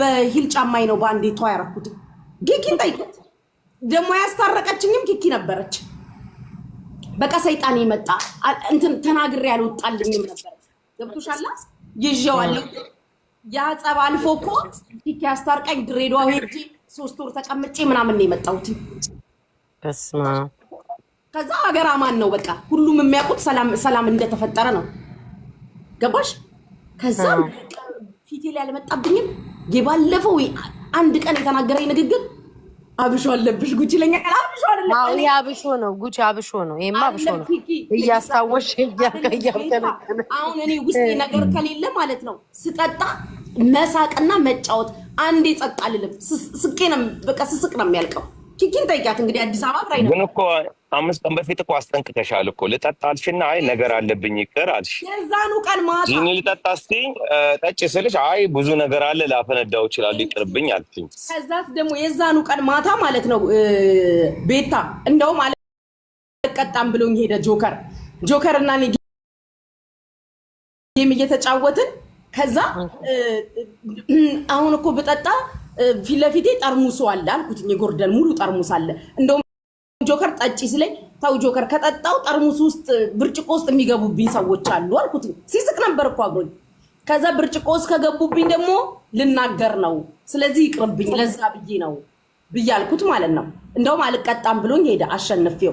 በሂል ጫማኝ ነው በአንዴ ቷ ያረኩት። ኪኪን ጠይቁት። ደግሞ ያስታረቀችኝም ኪኪ ነበረች። በቃ ሰይጣን ይመጣ እንትን ተናግሬ ያልወጣልኝም ነበረች። ገብቶሻላ ይዤዋለሁ። ያ ጸብ አልፎ እኮ ኪኪ ያስታርቀኝ ድሬዳዋ ሄጄ ሶስት ወር ተቀምጬ ምናምን ነው የመጣሁት። በስመ ከዛ ሀገር አማን ነው በቃ ሁሉም የሚያውቁት ሰላም እንደተፈጠረ ነው። ገባሽ ከዛ ፊቴ ላይ ያልመጣብኝም የባለፈው አንድ ቀን የተናገረኝ ንግግር አብሾ አለብሽ ጉቺ ይለኛል። አብሾ አለብሽ። አዎ ይሄ አብሾ ነው ጉቺ አብሾ ነው። ይሄማ አብሾ ነው። እያስታወሽ እያቀያቀለ አሁን እኔ ውስጥ ነገር ከሌለ ማለት ነው ስጠጣ መሳቅና መጫወት አንዴ ጸጥ አልልም። ስቄ ነው በቃ ስስቅ ነው የሚያልቀው። ኪኪን ጠይቂያት እንግዲህ አዲስ አበባ ላይ ነው። ግን እኮ አምስት ቀን በፊት እኮ አስጠንቅቀሻል እኮ ልጠጣ አልሽ አልሽና አይ ነገር አለብኝ ይቅር አልሽ። የዛኑ ቀን ማታ ይህን ልጠጣ ስትይኝ ጠጭ ስልሽ አይ ብዙ ነገር አለ ላፈነዳው ይችላሉ ይቅርብኝ አልሽኝ። ከዛስ ደግሞ የዛኑ ቀን ማታ ማለት ነው ቤታ እንደውም አልቀጣም ብሎኝ ሄደ። ጆከር ጆከር እና ጌም እየተጫወትን ከዛ አሁን እኮ ብጠጣ ፊት ለፊቴ ጠርሙሶ አለ አልኩት። የጎርደን ሙሉ ጠርሙስ አለ። እንደውም ጆከር ጠጪ ስለኝ ተው ጆከር ከጠጣው ጠርሙስ ውስጥ ብርጭቆ ውስጥ የሚገቡብኝ ሰዎች አሉ አልኩት። ሲስቅ ነበር እኮ አብሮኝ። ከዛ ብርጭቆ ውስጥ ከገቡብኝ ደግሞ ልናገር ነው፣ ስለዚህ ይቅርብኝ፣ ለዛ ብዬ ነው ብዬ አልኩት ማለት ነው። እንደውም አልቀጣም ብሎኝ ሄደ አሸንፌው።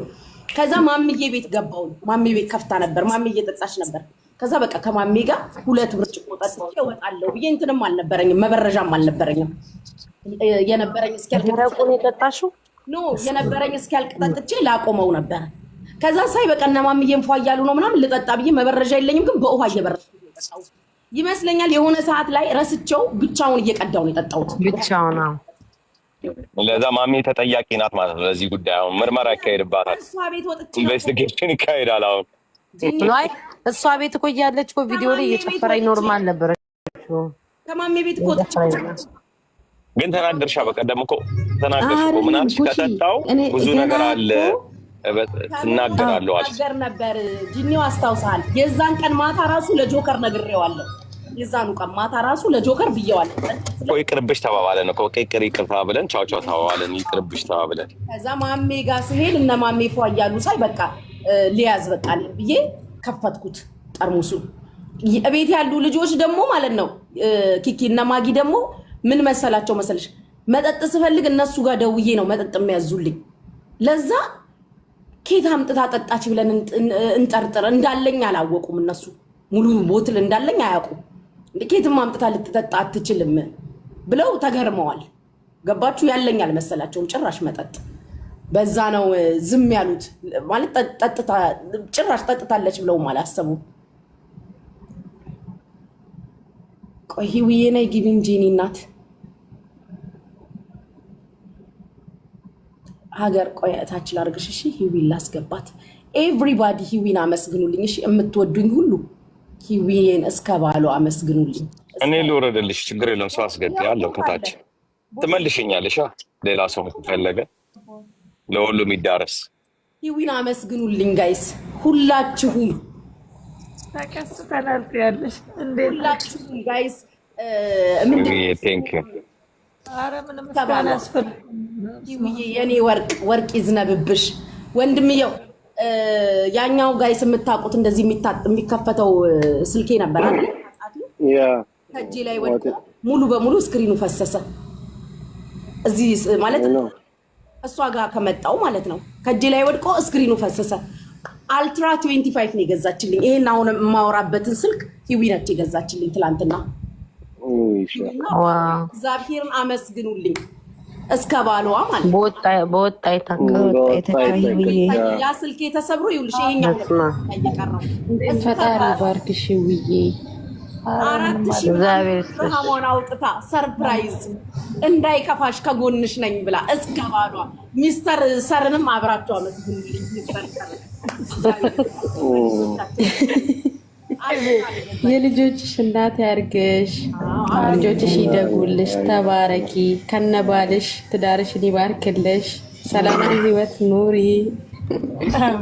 ከዛ ማምዬ ቤት ገባው። ማምዬ ቤት ከፍታ ነበር። ማምዬ ጠጣች ነበር። ከዛ በቃ ከማሜ ጋር ሁለት ብርጭቆ ጠጥቼ እወጣለሁ ብዬ እንትንም አልነበረኝም፣ መበረዣም አልነበረኝም። የነበረኝ እስኪያልቅ የጠጣሽው ኖ የነበረኝ እስኪያልቅ ጠጥቼ ላቆመው ነበረ። ከዛ ሳይ በቃ እነ ማምዬም እያሉ ነው ምናምን ልጠጣ ብዬ መበረዣ የለኝም፣ ግን በውሃ እየበረሱ ይመስለኛል። የሆነ ሰዓት ላይ ረስቸው ብቻውን እየቀዳው ነው የጠጣሁት። ብቻው ለዛ ማሜ ተጠያቂ ናት ማለት ነው። ለዚህ ጉዳይ አሁን ምርመራ ይካሄድባታል፣ ኢንቨስቲጌሽን ይካሄዳል አሁን እሷ ቤት እኮ እያለች እኮ ቪዲዮ ላይ እየጨፈረኝ ኖርማል ነበረ። ከማሜ ቤት ግን ተናገርሻ። በቀደም እኮ ተናገርሽ እኮ ምን ከጠጣው ብዙ ነገር አለ ትናገራለሁ አልሽ ነበር። ጂኒው አስታውሳል። የዛን ቀን ማታ ራሱ ለጆከር ነግሬዋለሁ። የዛኑ ቀን ማታ ራሱ ለጆከር ብየዋለሁ ይቅርብሽ ተባባለን እኮ ይቅር ይቅር ተባብለን ቻው ቻው ተባባለን ይቅርብሽ ተባብለን ከዛ ማሜ ጋር ስሄድ እነ ማሜ ፏ እያሉ ሳይ በቃ ሊያዝ በቃ ብዬ ከፈትኩት ጠርሙሱ። ቤት ያሉ ልጆች ደግሞ ማለት ነው ኪኪ እና ማጊ ደግሞ ምን መሰላቸው መሰለሽ፣ መጠጥ ስፈልግ እነሱ ጋር ደውዬ ነው መጠጥ የሚያዙልኝ። ለዛ ኬት አምጥታ ጠጣች ብለን እንጠርጥር። እንዳለኝ አላወቁም እነሱ ሙሉ ቦትል እንዳለኝ አያውቁም። ኬትም አምጥታ ልትጠጣ አትችልም ብለው ተገርመዋል። ገባችሁ? ያለኝ አልመሰላቸውም ጭራሽ መጠጥ በዛ ነው ዝም ያሉት። ማለት ጭራሽ ጠጥታለች ብለውም አላሰቡም። ቆይ ውዬ ነይ ግቢ እንጂ እኔ እናት ሀገር ቆይ እታች ላድርግሽ። እሺ ሂዊን ላስገባት። ኤቭሪባዲ ሂዊን አመስግኑልኝ። እሺ የምትወዱኝ ሁሉ ሂዊን እስከ ባሉ አመስግኑልኝ። እኔ ልወረደልሽ፣ ችግር የለም። ሰው አስገድ ያለው ከታች ትመልሽኛለሽ። ሌላ ሰው ፈለገ ለሁሉ የሚዳረስ ሂዊን አመስግኑልኝ ጋይስ፣ ሁላችሁም ተቀስተላልያለሽ። ሁላችሁም ጋይስ የኔ ወርቅ ወርቅ ይዝነብብሽ ወንድምየው። ያኛው ጋይስ የምታውቁት እንደዚህ የሚከፈተው ስልኬ ነበር ከእጄ ላይ ወድቆ ሙሉ በሙሉ እስክሪኑ ፈሰሰ። እዚህ ማለት እሷ ጋር ከመጣው ማለት ነው። ከእጄ ላይ ወድቆ እስክሪኑ ፈሰሰ። አልትራ 25 ነው የገዛችልኝ። ይሄን አሁን የማወራበትን ስልክ ሂዊ ነች የገዛችልኝ ትላንትና። እግዚአብሔርን አመስግኑልኝ። እስከ ባሏ ማለት በወጣ ያ ስልኬ ተሰብሮ ይኸውልሽ፣ ይሄኛው ነው ፈጣሪ ባርክሽ ውዬ አራት አውጥታ ሰርፕራይዝ እንዳይከፋሽ ከጎንሽ ነኝ ብላ እስከ ባሏ ሚስተር ሰርንም አብራቸው አመት የልጆችሽ እናት ያርግሽ፣ ልጆችሽ ይደጉልሽ፣ ተባረኪ፣ ከነባልሽ ትዳርሽን ይባርክልሽ፣ ሰላም ህይወት ኑሪ።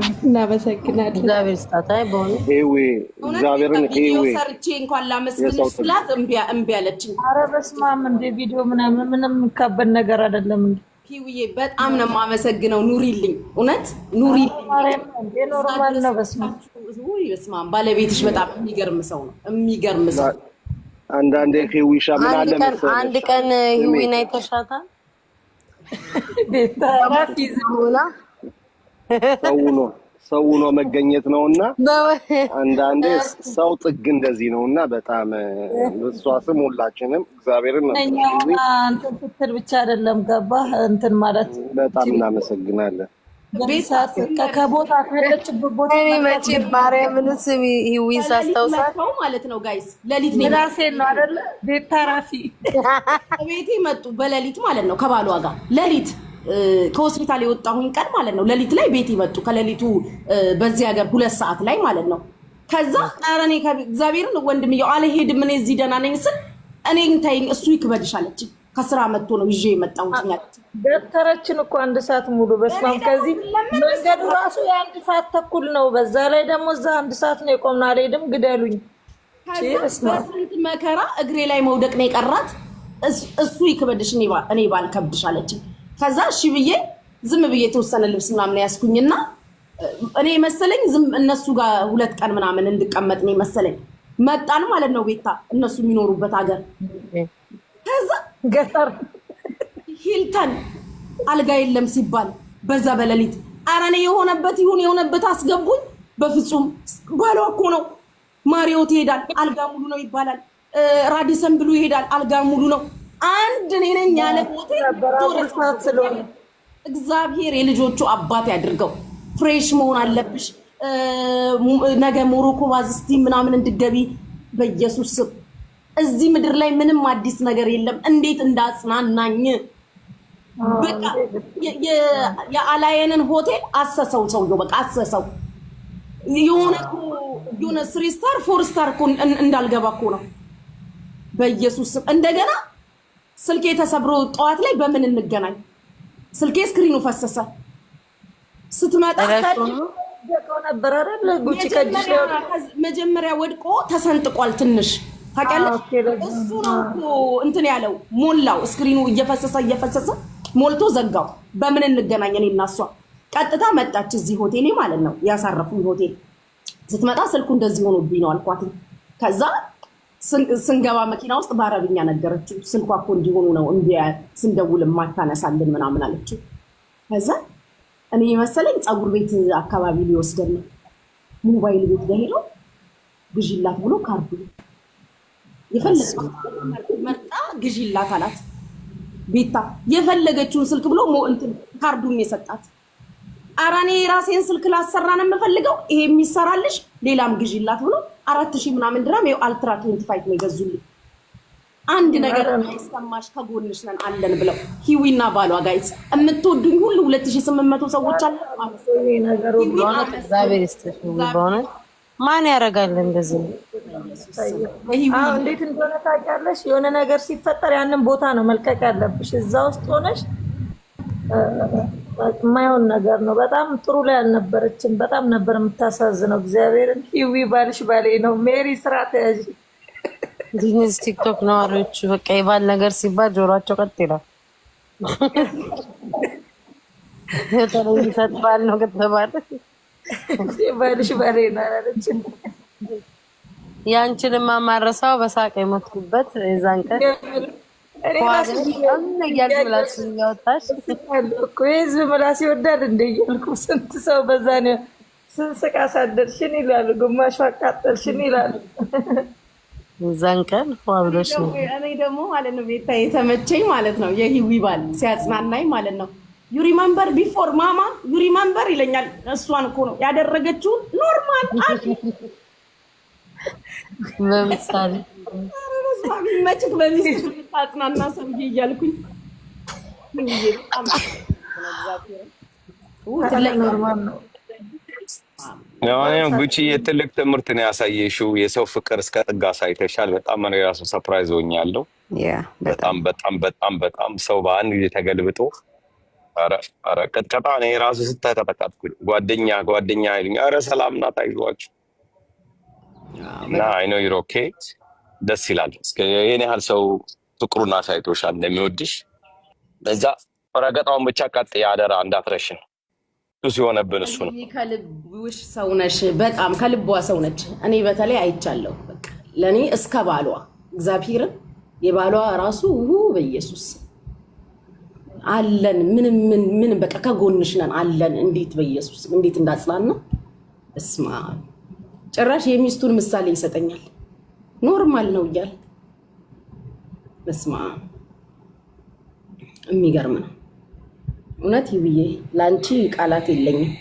እናመሰግናለን። እግዚአብሔር ስታታይ በሆነ በጣም ነው የማመሰግነው። ኑሪልኝ፣ እውነት ኑሪልኝ። ባለቤትሽ በጣም የሚገርም ሰው ነው። የሚገርም ሰው አንዳንዴ ሂዊሻ ምን አለ መሰለሽ፣ አንድ ቀን ሂዊን አይተሻታል ቤታ ሆና ሰው ነው ሰው ነው መገኘት ነውና አንዳንዴ ሰው ጥግ እንደዚህ ነውና በጣም እሷ ስም ሁላችንም እግዚአብሔርን እንትን ስትል ብቻ አይደለም ገባህ እንትን ማለት በጣም እናመሰግናለን። ከቦታ ካለችበት ቦታ መቼ ማርያምን ስሚ ህዊን ሳስታውሳት ማለት ነው ጋይስ ለሊት ነው ነው አይደለ ቤት ታራፊ ቤቴ መጡ በሌሊት ማለት ነው ከባሏ ጋር ለሊት ከሆስፒታል የወጣሁኝ ቀን ማለት ነው። ሌሊት ላይ ቤት ይመጡ ከሌሊቱ በዚህ ሀገር ሁለት ሰዓት ላይ ማለት ነው። ከዛ ኧረ እኔ እግዚአብሔርን ወንድምየው አልሄድም እኔ እዚህ ደህና ነኝ ስል እኔ ተይኝ እሱ ይክበድሽ አለችኝ። ከስራ መጥቶ ነው ይዤ የመጣሁት። ደብተረችን እኮ አንድ ሰዓት ሙሉ በስመ ከዚህ መንገዱ ራሱ የአንድ ሰዓት ተኩል ነው። በዛ ላይ ደግሞ እዛ አንድ ሰዓት ነው የቆምነው። አልሄድም ግደሉኝ። በስንት መከራ እግሬ ላይ መውደቅ ነው የቀራት። እሱ ይክበድሽ እኔ ባልከብድሽ አለችኝ። ከዛ እሺ ብዬ ዝም ብዬ የተወሰነ ልብስ ምናምን ያስኩኝና እኔ መሰለኝ ዝም እነሱ ጋር ሁለት ቀን ምናምን እንድቀመጥ ነው መሰለኝ። መጣን ማለት ነው ቤታ እነሱ የሚኖሩበት ሀገር። ከዛ ገጠር ሂልተን አልጋ የለም ሲባል በዛ በሌሊት ኧረ እኔ የሆነበት ይሁን የሆነበት አስገቡኝ። በፍጹም ባሏ እኮ ነው ማሪዎት ይሄዳል፣ አልጋ ሙሉ ነው ይባላል። ራዲሰን ብሉ ይሄዳል፣ አልጋ ሙሉ ነው አንድ እኔ ነኝ ያለ እግዚአብሔር የልጆቹ አባት ያድርገው። ፍሬሽ መሆን አለብሽ። ነገ ሞሮኮ ባዝስቲ ምናምን እንድገቢ በኢየሱስ ስም። እዚህ ምድር ላይ ምንም አዲስ ነገር የለም። እንዴት እንዳጽናናኝ በቃ የአላየንን ሆቴል አሰሰው ሰውየው፣ በቃ አሰሰው። የሆነ የሆነ ስሪ ስታር ፎር ስታር እንዳልገባ እኮ ነው በኢየሱስ ስም እንደገና ስልኬ ተሰብሮ ጠዋት ላይ በምን እንገናኝ? ስልኬ ስክሪኑ ፈሰሰ። ስትመጣ መጀመሪያ ወድቆ ተሰንጥቋል ትንሽ ታውቂያለሽ። እሱ ነው እንትን ያለው ሞላው። ስክሪኑ እየፈሰሰ እየፈሰሰ ሞልቶ ዘጋው። በምን እንገናኝ? እኔ እና እሷ ቀጥታ መጣች እዚህ ሆቴሌ ማለት ነው ያሳረፉኝ ሆቴል። ስትመጣ ስልኩ እንደዚህ ሆኖብኝ ነው አልኳት። ከዛ ስንገባ መኪና ውስጥ በአረብኛ ነገረችው። ስልኳ እኮ እንዲሆኑ ነው እምቢ ስንደውል ማታነሳልን ምናምን አለችው። ከዛ እኔ የመሰለኝ ፀጉር ቤት አካባቢ ሊወስደን ነው። ሞባይል ቤት ጋር ሄደው ግዢላት ብሎ ካርዱ መርጣ ግዢላት አላት። ቤታ የፈለገችውን ስልክ ብሎ ካርዱም የሰጣት አራኔ የራሴን ስልክ ላሰራ ነው የምፈልገው ይሄ የሚሰራልሽ ሌላም ግዢላት ብሎ አራት ሺህ ምናምን ድራም ይኸው አልትራ ትዌንቲ ፋይቭ ነው የገዙልኝ። አንድ ነገር የማይሰማሽ ከጎንሽ ነን አለን ብለው ሂዊና ባሏ ጋይዝ የምትወዱኝ ሁሉ ሁለት ሺህ ስምንት መቶ ሰዎች አለ ነገሩ ማን ያደርጋል እንደዚህ እንዴት እንደሆነ ታውቂያለሽ። የሆነ ነገር ሲፈጠር ያንን ቦታ ነው መልቀቅ ያለብሽ እዛ ውስጥ ሆነሽ የማይሆን ነገር ነው። በጣም ጥሩ ላይ አልነበረችም። በጣም ነበር የምታሳዝነው። እግዚአብሔርን ሂዊ ባልሽ ባሌ ነው። ሜሪ ስራ ተያዥ ዲኒዝ ቲክቶክ ነዋሪዎች በቃ የባል ነገር ሲባል ጆሯቸው ቀጥ ይላል። በተለይ ሰጥ ባል ነው ከተባለ ባልሽ ባሌ ነው አላለችም። የአንችንማ ማረሳው በሳቅ የሞትኩበት የዛን ቀን የህዝብ ምላስ ይወዳል እንደ እያልኩ ስንት ሰው በዛ ነው። ስንስቅ አሳደርሽን ይላሉ፣ ግማሹ አቃጠልሽን ይላሉ። እዛን ቀን ብሎሽ ነው። እኔ ደግሞ ማለት ነው ቤታ የተመቸኝ ማለት ነው የሂዊ ባል ሲያጽናናኝ ማለት ነው ዩሪመንበር ቢፎር ማማ ዩሪመንበር ይለኛል። እሷን እኮ ነው ያደረገችውን ኖርማል ምሳሌ መችክ በሚስት ታጽናና ሰውዬ እያልኩኝ ጉቺ የትልቅ ትምህርት ነው ያሳየሽው። የሰው ፍቅር እስከ ጥግ አሳይተሻል። በጣም እኔ እራሱ ሰፕራይዝ ሆኛለሁ። በጣም በጣም በጣም በጣም ሰው በአንድ ጊዜ ተገልብጦ ኧረ ቅጥቀጣ እኔ እራሱ ስተቀጠቀጥኩኝ ጓደኛ ጓደኛ ይሉኝ ኧረ ሰላም ናት አይዟችሁ እና አይ ኖ ዩር ደስ ይላል። ይህን ያህል ሰው ፍቅሩን አሳይቶሻል እንደሚወድሽ። በዛ ረገጣውን ብቻ ቀጥ ያደራ እንዳትረሽን ቅዱስ የሆነብን እሱ ነው። ከልብሽ ሰው ነሽ፣ በጣም ከልቧ ሰው ነች። እኔ በተለይ አይቻለሁ። ለእኔ እስከ ባሏ እግዚአብሔርን የባሏ ራሱ ውሁ በኢየሱስ አለን ምንም ምን ምን በቃ ከጎንሽ ነን አለን። እንዴት በኢየሱስ እንዴት እንዳጽናና እስማ ጭራሽ የሚስቱን ምሳሌ ይሰጠኛል። ኖርማል ነው እያል በስማ የሚገርም ነው እውነት ይብዬ፣ ለአንቺ ቃላት የለኝም።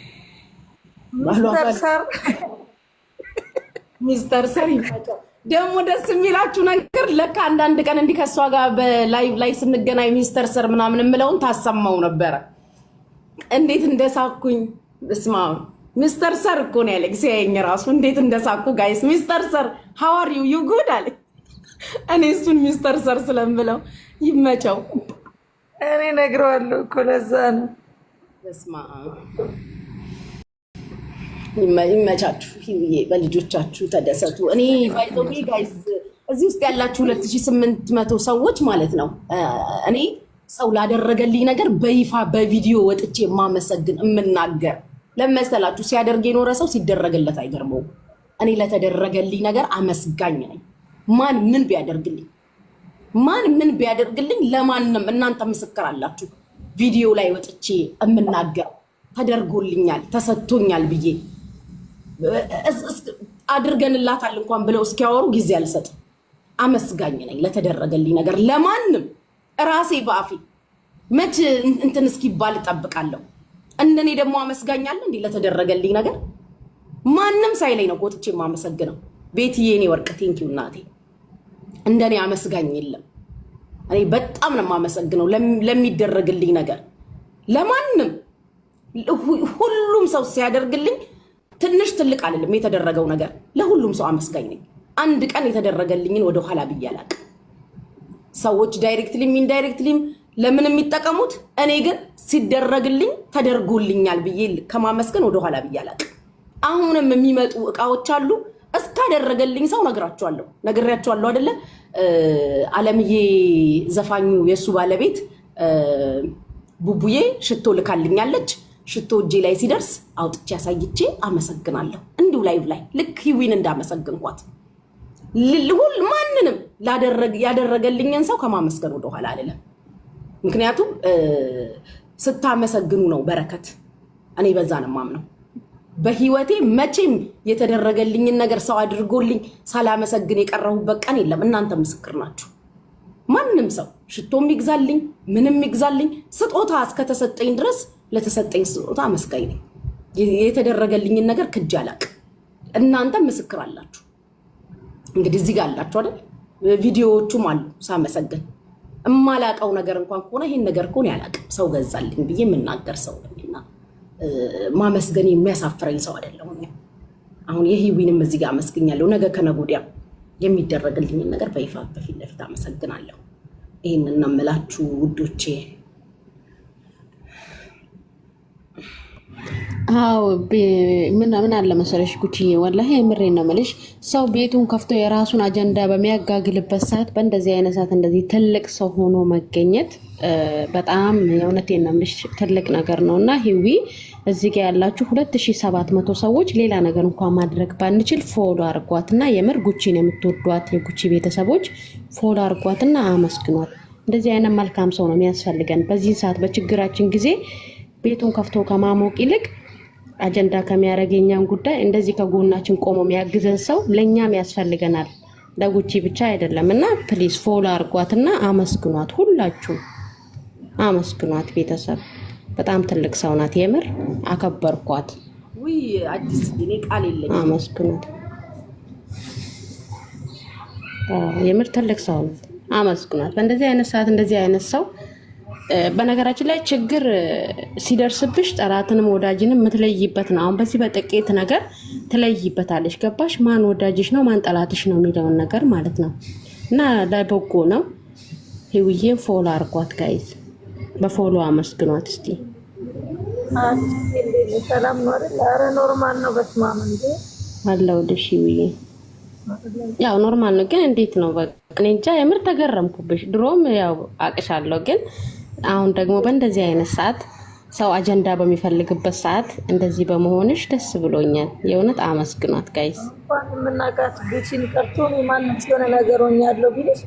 ሚስተር ሰር ደግሞ ደስ የሚላችሁ ነገር ለካ አንዳንድ ቀን እንዲህ ከእሷ ጋር በላይቭ ላይ ስንገናኝ ሚስተር ሰር ምናምን የምለውን ታሰማው ነበረ። እንዴት እንደሳኩኝ ስማ፣ ሚስተር ሰር እኮ ነው ያለ ጊዜ ያየኝ ራሱ እንዴት እንደሳኩ ጋይስ፣ ሚስተር ሰር ሀዋሪው ዩ ጉድ አለ። እኔ እሱን ሚስተር ሰር ስለምብለው ይመቸው። እኔ እነግረዋለሁ እኮ ለዛ ነው። በስመ ይመቻችሁ። በልጆቻችሁ ተደሰቱ። እኔ ባይዘዌ ጋይስ እዚህ ውስጥ ያላችሁ 2800 ሰዎች ማለት ነው። እኔ ሰው ላደረገልኝ ነገር በይፋ በቪዲዮ ወጥቼ የማመሰግን የምናገር ለመሰላችሁ ሲያደርግ የኖረ ሰው ሲደረግለት አይገርመውም። እኔ ለተደረገልኝ ነገር አመስጋኝ ነኝ። ማን ምን ቢያደርግልኝ ማን ምን ቢያደርግልኝ ለማንም እናንተ ምስክር አላችሁ። ቪዲዮ ላይ ወጥቼ የምናገረው ተደርጎልኛል፣ ተሰጥቶኛል ብዬ አድርገንላታል እንኳን ብለው እስኪያወሩ ጊዜ አልሰጥም። አመስጋኝ ነኝ ለተደረገልኝ ነገር ለማንም ራሴ በአፌ መች እንትን እስኪባል እጠብቃለሁ። እንደኔ ደግሞ አመስጋኛለሁ እንዲህ ለተደረገልኝ ነገር ማንም ሳይለኝ ነው ጎጥቼ የማመሰግነው። ቤትዬ እኔ ወርቅ ቴንኪው እናቴ። እንደኔ አመስጋኝ የለም። እኔ በጣም ነው የማመሰግነው ለሚደረግልኝ ነገር ለማንም ሁሉም ሰው ሲያደርግልኝ ትንሽ ትልቅ አይደለም የተደረገው ነገር። ለሁሉም ሰው አመስጋኝ ነኝ። አንድ ቀን የተደረገልኝን ወደኋላ ብዬ አላቅም። ሰዎች ዳይሬክትሊም ኢንዳይሬክትሊም ለምን የሚጠቀሙት እኔ ግን ሲደረግልኝ ተደርጎልኛል ብዬ ከማመስገን ወደኋላ ብዬ አላቅም። አሁንም የሚመጡ እቃዎች አሉ። እስካደረገልኝ ሰው ነግራቸዋለሁ ነግሬያቸዋለሁ አደለ አለምዬ ዘፋኙ የእሱ ባለቤት ቡቡዬ ሽቶ ልካልኛለች። ሽቶ እጄ ላይ ሲደርስ አውጥቼ ያሳይቼ አመሰግናለሁ። እንዲሁ ላይቭ ላይ ልክ ሂዊን እንዳመሰግንኳት ልልሁል ማንንም ያደረገልኝን ሰው ከማመስገን ወደኋላ አይደለም። ምክንያቱም ስታመሰግኑ ነው በረከት። እኔ በዛ ነው የማምነው። በህይወቴ መቼም የተደረገልኝን ነገር ሰው አድርጎልኝ ሳላመሰግን የቀረሁበት ቀን የለም። እናንተ ምስክር ናችሁ። ማንም ሰው ሽቶም ይግዛልኝ፣ ምንም ይግዛልኝ፣ ስጦታ እስከተሰጠኝ ድረስ ለተሰጠኝ ስጦታ አመስጋኝ ነኝ። የተደረገልኝን ነገር ክጅ አላቅ። እናንተ ምስክር አላችሁ። እንግዲህ እዚህ ጋር አላችሁ አይደል? ቪዲዮዎቹም አሉ ሳመሰግን። እማላቀው ነገር እንኳን ከሆነ ይህን ነገር ከሆነ ያላቅም ሰው ገዛልኝ ብዬ የምናገር ሰው ማመስገን የሚያሳፍረኝ ሰው አይደለሁም። አሁን የህዊንም እዚህ ጋር አመስግኛለሁ። ነገ ከነጎዲያ የሚደረግልኝ ነገር በይፋ በፊት ለፊት አመሰግናለሁ። ይህን እናመላችሁ ውዶቼ። አዎ ምን አለ መሰለሽ ጉቺዬ፣ ወላሂ የምሬ ነው የምልሽ። ሰው ቤቱን ከፍቶ የራሱን አጀንዳ በሚያጋግልበት ሰዓት፣ በእንደዚህ አይነት ሰዓት እንደዚህ ትልቅ ሰው ሆኖ መገኘት በጣም የእውነቴን ነው የምልሽ ትልቅ ነገር ነው እና ሂዊ እዚህ ጋ ያላችሁ 2700 ሰዎች ሌላ ነገር እንኳን ማድረግ ባንችል ፎሎ አርጓትና የምር ጉቺን የምትወዷት የጉቺ ቤተሰቦች ፎሎ አርጓትና አመስግኗት። እንደዚህ አይነት መልካም ሰው ነው የሚያስፈልገን። በዚህ ሰዓት በችግራችን ጊዜ ቤቱን ከፍቶ ከማሞቅ ይልቅ አጀንዳ ከሚያደርግ የኛን ጉዳይ እንደዚህ ከጎናችን ቆሞ የሚያግዘን ሰው ለእኛም ያስፈልገናል። ለጉቺ ብቻ አይደለም እና ፕሊዝ ፎሎ አርጓትና አመስግኗት፣ ሁላችሁም አመስግኗት ቤተሰብ በጣም ትልቅ ሰው ናት። የምር አከበርኳት። ውይ አዲስ እኔ ቃል የለኝም። አመስግኑት። የምር ትልቅ ሰው ናት። አመስግኗት። በእንደዚህ አይነት ሰዓት እንደዚህ አይነት ሰው በነገራችን ላይ ችግር ሲደርስብሽ ጠላትንም ወዳጅንም የምትለይበት ነው። አሁን በዚህ በጥቂት ነገር ትለይበታለች። ገባሽ? ማን ወዳጅሽ ነው ማን ጠላትሽ ነው የሚለውን ነገር ማለት ነው። እና ለበጎ ነው። ህውዬን ፎሎ አርጓት ጋይዝ በፎሎ አመስግኗት እስቲ። ሰላም ኖር ኧረ ኖርማል ነው። በስመ እንዴ አለው ደሺ ብዬ ያው ኖርማል ነው፣ ግን እንዴት ነው በቃ እኔ እንጃ የምር ተገረምኩብሽ። ድሮም ያው አቅሻለሁ፣ ግን አሁን ደግሞ በእንደዚህ አይነት ሰዓት ሰው አጀንዳ በሚፈልግበት ሰዓት እንደዚህ በመሆንሽ ደስ ብሎኛል። የእውነት አመስግኗት ጋይስ። እንኳን የምናውቃት ቢችን ቀርቶ ማንም ሲሆነ ነገር ሆኛለሁ ቢልሽ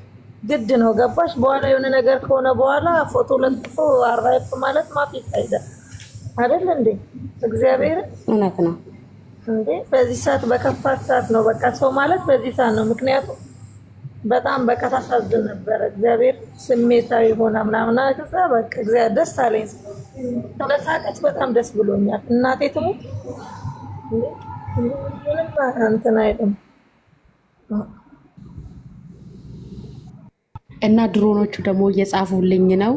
ግድ ነው። ገባሽ? በኋላ የሆነ ነገር ከሆነ በኋላ ፎቶ ለጥፎ አራይፍ ማለት ማፊ ይታይዳል አይደል እንዴ? እግዚአብሔር እውነት ነው እንዴ? በዚህ ሰዓት በከፋት ሰዓት ነው በቃ ሰው ማለት በዚህ ሰዓት ነው። ምክንያቱም በጣም በቃ ታሳዝን ነበር። እግዚአብሔር ስሜታዊ ሆና ምናምና ከዛ በቃ እግዚአብሔር ደስ አለኝ ስለሳቀች በጣም ደስ ብሎኛል። እናቴ ትሙት እንዴ ምንም እንትን አይልም። እና ድሮኖቹ ደግሞ እየጻፉልኝ ነው።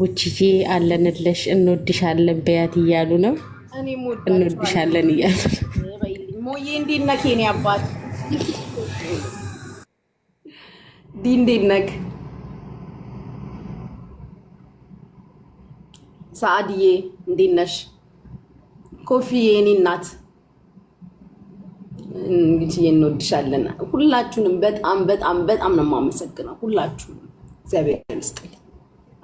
ጉችዬ አለንለሽ እንወድሻለን በያት እያሉ ነው። እንወድሻለን እያሉ ሞዬ እንዴት ነህ? የኔ አባት ዲ እንዴት ነህ? ሰአድዬ እንዴት ነሽ? ኮፊዬ የኔ እናት እንግዲህ እንወድሻለን። ሁላችሁንም በጣም በጣም በጣም ነው የማመሰግነው። ሁላችሁንም እግዚአብሔር ይስጥልኝ፣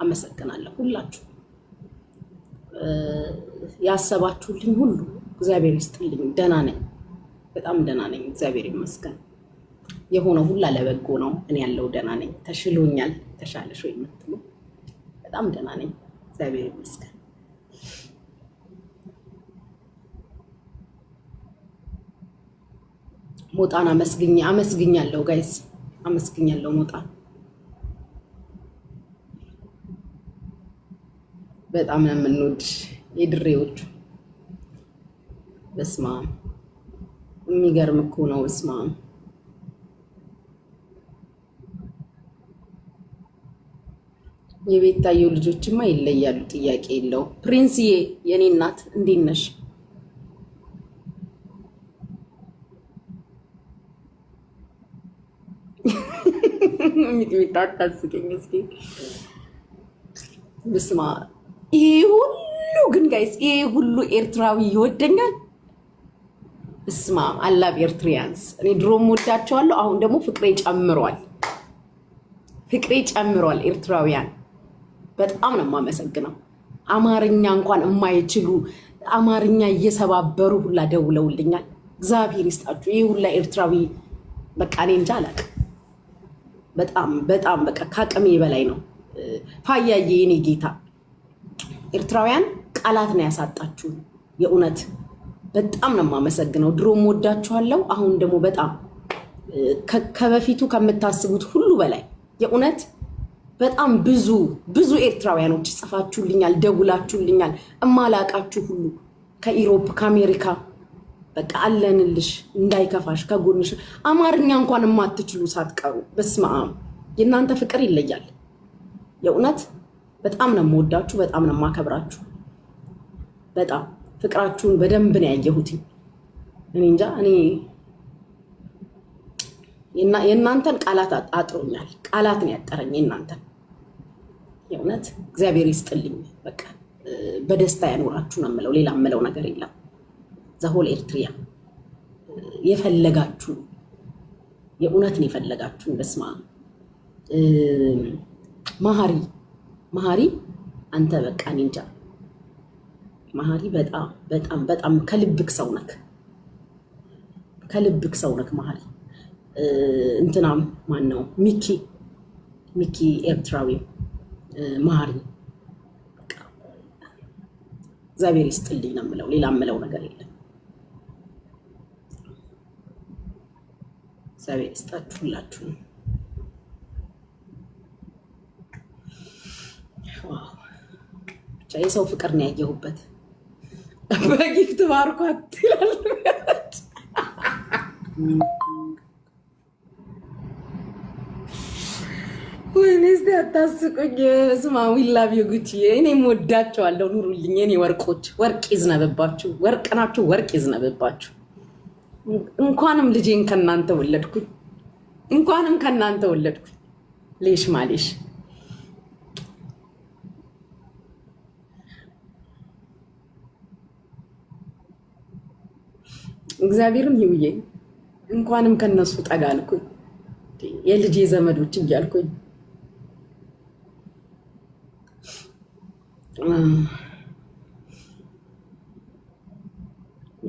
አመሰግናለሁ። ሁላችሁ ያሰባችሁልኝ ሁሉ እግዚአብሔር ይስጥልኝ። ደህና ነኝ፣ በጣም ደህና ነኝ። እግዚአብሔር ይመስገን። የሆነ ሁላ ለበጎ ነው። እኔ ያለው ደህና ነኝ፣ ተሽሎኛል። ተሻለሽ ወይ የምትሉ በጣም ደህና ነኝ። እግዚአብሔር ይመስገን። ሞጣን አመስግኝ አመስግኛለሁ። ጋይስ አመስግኛለሁ ሞጣን በጣም ነው የምንወድ የድሬዎቹ። በስማም የሚገርም እኮ ነው። በስመ የቤት ታየው ልጆችማ ይለያሉ። ጥያቄ የለው። ፕሪንስዬ የኔ እናት እንዴት ነሽ? ሚጥሚጣ አታስቀኝ እስኪ። ብስማ ይሄ ሁሉ ግን ጋይስ ይሄ ሁሉ ኤርትራዊ ይወደኛል። እስማ አላብ ኤርትሪያንስ እኔ ድሮም ወዳቸዋለሁ። አሁን ደግሞ ፍቅሬ ጨምሯል፣ ፍቅሬ ጨምሯል። ኤርትራውያን በጣም ነው የማመሰግነው። አማርኛ እንኳን የማይችሉ አማርኛ እየሰባበሩ ሁላ ደውለውልኛል። እግዚአብሔር ይስጣችሁ። ይህ ሁላ ኤርትራዊ በቃ እኔ እንጃ አላውቅም። በጣም በጣም በቃ ከአቅሜ በላይ ነው። ፋያዬ የኔ ጌታ ኤርትራውያን ቃላት ነው ያሳጣችሁ የእውነት በጣም ነው የማመሰግነው። ድሮም ወዳችኋለሁ። አሁን ደግሞ በጣም ከበፊቱ ከምታስቡት ሁሉ በላይ የእውነት በጣም ብዙ ብዙ ኤርትራውያኖች ጽፋችሁልኛል፣ ደውላችሁልኛል። እማላቃችሁ ሁሉ ከኢሮፕ ከአሜሪካ በቃ አለንልሽ፣ እንዳይከፋሽ፣ ከጎንሽ አማርኛ እንኳን የማትችሉ ሳትቀሩ በስመ አብ የእናንተ ፍቅር ይለያል። የእውነት በጣም ነው የምወዳችሁ፣ በጣም ነው የማከብራችሁ። በጣም ፍቅራችሁን በደንብ ነው ያየሁት። እኔ እንጃ እኔ የእናንተን ቃላት አጥሮኛል። ቃላት ነው ያጠረኝ የእናንተን። የእውነት እግዚአብሔር ይስጥልኝ። በቃ በደስታ ያኖራችሁ ነው የምለው፣ ሌላ የምለው ነገር የለም። ዘሆል ኤርትሪያ የፈለጋችሁ የእውነትን የፈለጋችሁ በስማ ማሀሪ ማሀሪ አንተ በቃ ኒንጃ ማሀሪ በጣም በጣም በጣም ከልብክ ሰው ነክ ከልብክ ሰው ነክ ማሀሪ እንትናም ማን ነው ሚኪ ሚኪ ኤርትራዊ ማሀሪ እግዚአብሔር ይስጥልኝ ነው የምለው ሌላ የምለው ነገር የለም እግዚአብሔር ይስጣችሁ ሁላችሁ ነው። ብቻ የሰው ፍቅር ነው ያየሁበት። በጊፍት ባርኳት ትላል። ወይኔ እስኪ አታስቁኝ። ስማዊ ላቪ ጉቺዬ፣ እኔም ወዳቸዋለሁ። ኑሩልኝ የኔ ወርቆች፣ ወርቅ ይዝነበባችሁ። ወርቅ ናችሁ፣ ወርቅ ይዝነበባችሁ። እንኳንም ልጄን ከእናንተ ወለድኩኝ፣ እንኳንም ከእናንተ ወለድኩኝ። ሌሽ ማሌሽ እግዚአብሔርን ይውዬ እንኳንም ከነሱ ጠጋ አልኩኝ፣ የልጄ ዘመዶች እያልኩኝ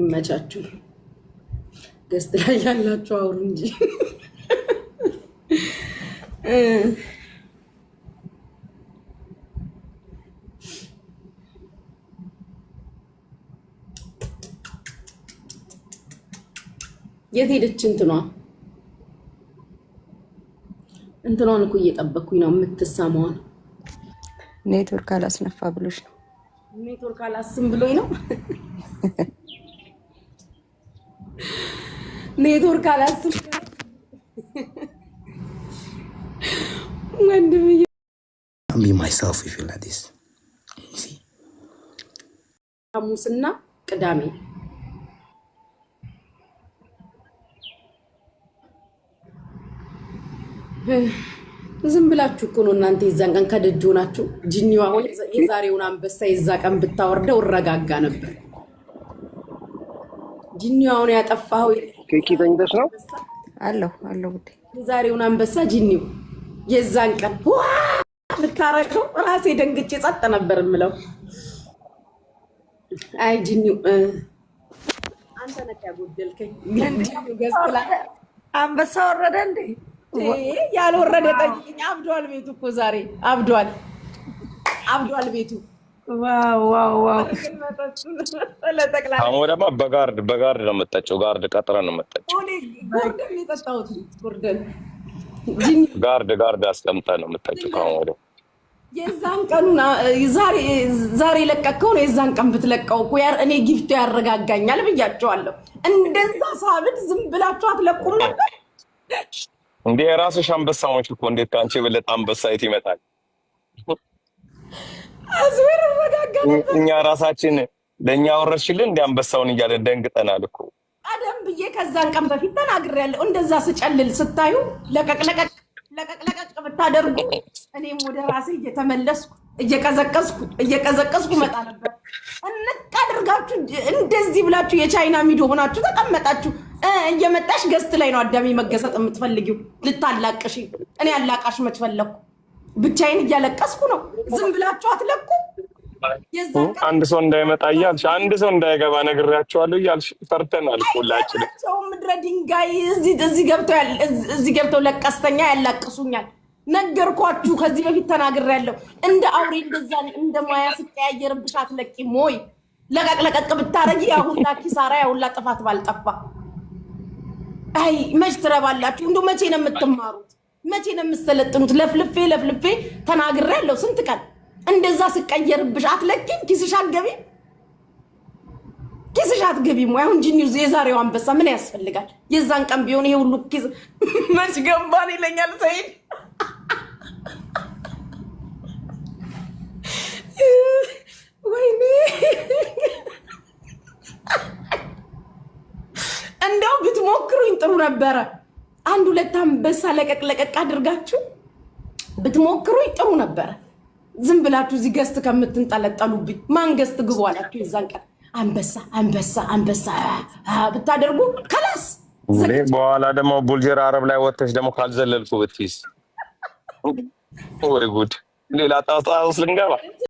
ይመቻችሁ። ገስት ላይ ያላችሁ አውሩ እንጂ የት ሄደች እንትኗ? እንትኗን እኮ እየጠበኩኝ ነው የምትሰማዋን። ኔትወርክ አላስነፋ ብሎች ነው። ኔትወርክ አላስም ብሎኝ ነው። ኔትወርክ አላስብ ወንድምዬ ቅዳሜ ዝም ብላችሁ እኮ ነው እናንተ። የዛን ቀን ከደጅ ሆናችሁ የዛሬውን አንበሳ የዛ ቀን ብታወርደው እረጋጋ ነበር። ጅኒዋውን ያጠፋኸው ኬክ ተኝተሽ ነው አለሁ አለሁ። ውዴ የዛሬውን አንበሳ ጂኒው የዛን ቀን ልታረቀው ራሴ ደንግጬ ጸጥ ነበር የምለው። አይ ጂኒው አንተ ነህ ያጎደልከኝ። አንበሳ ወረደ እንዴ? ያልወረደ ጠይቅኝ። አብዷል ቤቱ እኮ ዛሬ አብዷል፣ አብዷል ቤቱ አሁን ደግሞ በጋርድ በጋርድ ነው የምጠጪው። ጋርድ ቀጥረን ነው የምጠጪው። ጋርድ ጋርድ አስቀምጠን ነው የምጠጪው። ከአሁን ወደ የዛን ቀኑን ዛሬ የለቀከውን የዛን ቀን ብትለቀው እኮ እኔ ጊፍቶ ያረጋጋኛል ብያቸዋለሁ። እንደዛ ሳብድ ዝም ብላችሁ አትለቁም ነበር እንዴ? የራስሽ አንበሳ ሆንሽ እኮ። እንዴት ከአንቺ የበለጠ አንበሳ የት ይመጣል? እኛ ራሳችን ለእኛ ወረሽልን እንደ አንበሳውን እያለ ደንግጠናል እኮ ቀደም ብዬ ከዛን ቀን በፊት ተናግሬያለሁ። እንደዛ ስጨልል ስታዩ ለቀቅለቀቅ ብታደርጉ እኔም ወደ ራሴ እየተመለስኩ እየቀዘቀዝኩ እየቀዘቀዝኩ መጣ ነበር። እንቅ አድርጋችሁ እንደዚህ ብላችሁ የቻይና ሚዲ ሆናችሁ ተቀመጣችሁ። እየመጣሽ ገዝት ላይ ነው አዳሜ መገሰጥ የምትፈልጊው ልታላቅሽ። እኔ አላቃሽ መች ፈለግኩ። ብቻዬን እያለቀስኩ ነው። ዝም ብላችሁ አትለቁ። አንድ ሰው እንዳይመጣ እያልሽ አንድ ሰው እንዳይገባ ነግሬያቸዋለሁ እያልሽ ፈርተናል። ሁላችንም ምድረ ድንጋይ እዚህ ገብተው ለቀስተኛ ያላቅሱኛል። ነገርኳችሁ፣ ከዚህ በፊት ተናግሬያለሁ። እንደ አውሬ እንደዛ እንደማያ ስቀያየርብሽ አትለቂም ሞይ ለቀቅ ለቀቅ ብታረጊ ያሁላ ኪሳራ ያሁላ ጥፋት ባልጠፋ። አይ መች ትረባላችሁ? እንዲ መቼ ነው የምትማሩት? መቼ ነው የምሰለጥኑት? ለፍልፌ ለፍልፌ ተናግሬ ያለው ስንት ቀን እንደዛ ስቀየርብሽ አትለቂም። ኪስሽ አትገቢም፣ ኪስሽ አትገቢም ወይ? አሁን ጂኒ የዛሬው አንበሳ ምን ያስፈልጋል? የዛን ቀን ቢሆን ይሄ ሁሉ ኪስ መች ገንባን ይለኛል ሰይድ። ወይኔ እንደው ብትሞክሩኝ ጥሩ ነበረ። አንድ ሁለት አንበሳ ለቀቅ ለቀቅ አድርጋችሁ ብትሞክሩኝ ጥሩ ነበረ። ዝም ብላችሁ እዚህ ገስት ከምትንጠለጠሉብኝ ማን ገስት ግቡ አላችሁ? የዛን ቀን አንበሳ አንበሳ አንበሳ ብታደርጉ ከላስ በኋላ ደግሞ ቡልጀር አረብ ላይ ወጥተሽ ደግሞ ካልዘለልኩ ብትይዝ ወይ ጉድ ሌላ ጣጣ ውስጥ ልንገባ